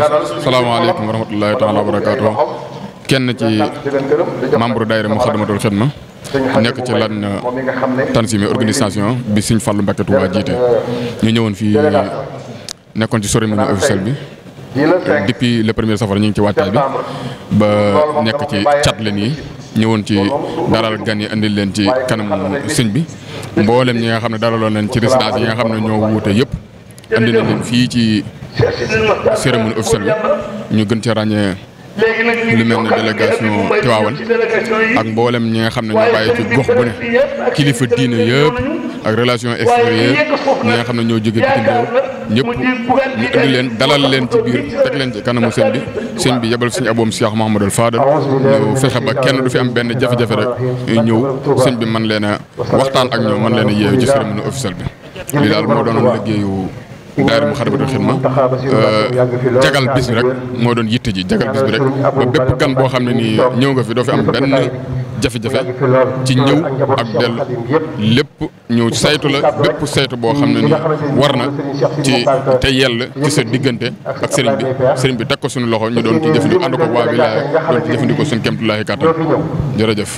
salaamaaleykum wa rahmatullahi taala wa kenn ci membre daayira Muxaddamatul Xidma nekk ci lan Tanzimi organisation bi Sëriñ Fallu Mbàkke Tuubaa jiite ñu ñëwoon fii nekkoon ci cérémonie officielle bi depuis le premier safar ñu ngi ci waajtaay bi ba nekk ci cat leen yi ñëwoon ci dalal gan yi andil leen ci kanamu sëñ bi mboolem ñi nga xam ne dalaloon leen ci résidence yi nga xam ne ñoo wuute yëpp andi na leen fii ci cérémonie officielle bi ñu gën ca ràññee lu mel ne délégation Tivaouane ak mboolem ñi nga xam ne ñoo bàyyi ci gox bu ne kilifa diine yëpp ak relation extérieure ñi nga xam ne ñoo jóge bitim réew ñëpp ñu indi leen dalal leen ci biir teg leen ci kanamu sëñ bi seen bi yebal sëñ aboom Cheikh Mahamadul Fadal ñu fexe ba kenn du fi am benn jafe-jafe rek ñëw sëñ bi man leen a waxtaan ak ñoom man leen a yeewu ci cérémonie officielle bi li daal moo daayira Moukhaddamatoul Khidma jagal bis bi rek moo doon yitte ji jagal bis bi rek ba bépp gan boo xam ne nii ñëw nga fi doo fi am benn jafe-jafe ci ñëw ak dellu lépp ñëw saytu la bépp saytu boo xam ne ni war na ci te yell ci sa diggante ak sëriñ bi sëriñ bi teg ko suñu loxo ñu doon ci jëfandikoo ànd ko waa bi laa doon ci jëfandikoo suñu kemtulaahi kàttan jërëjëf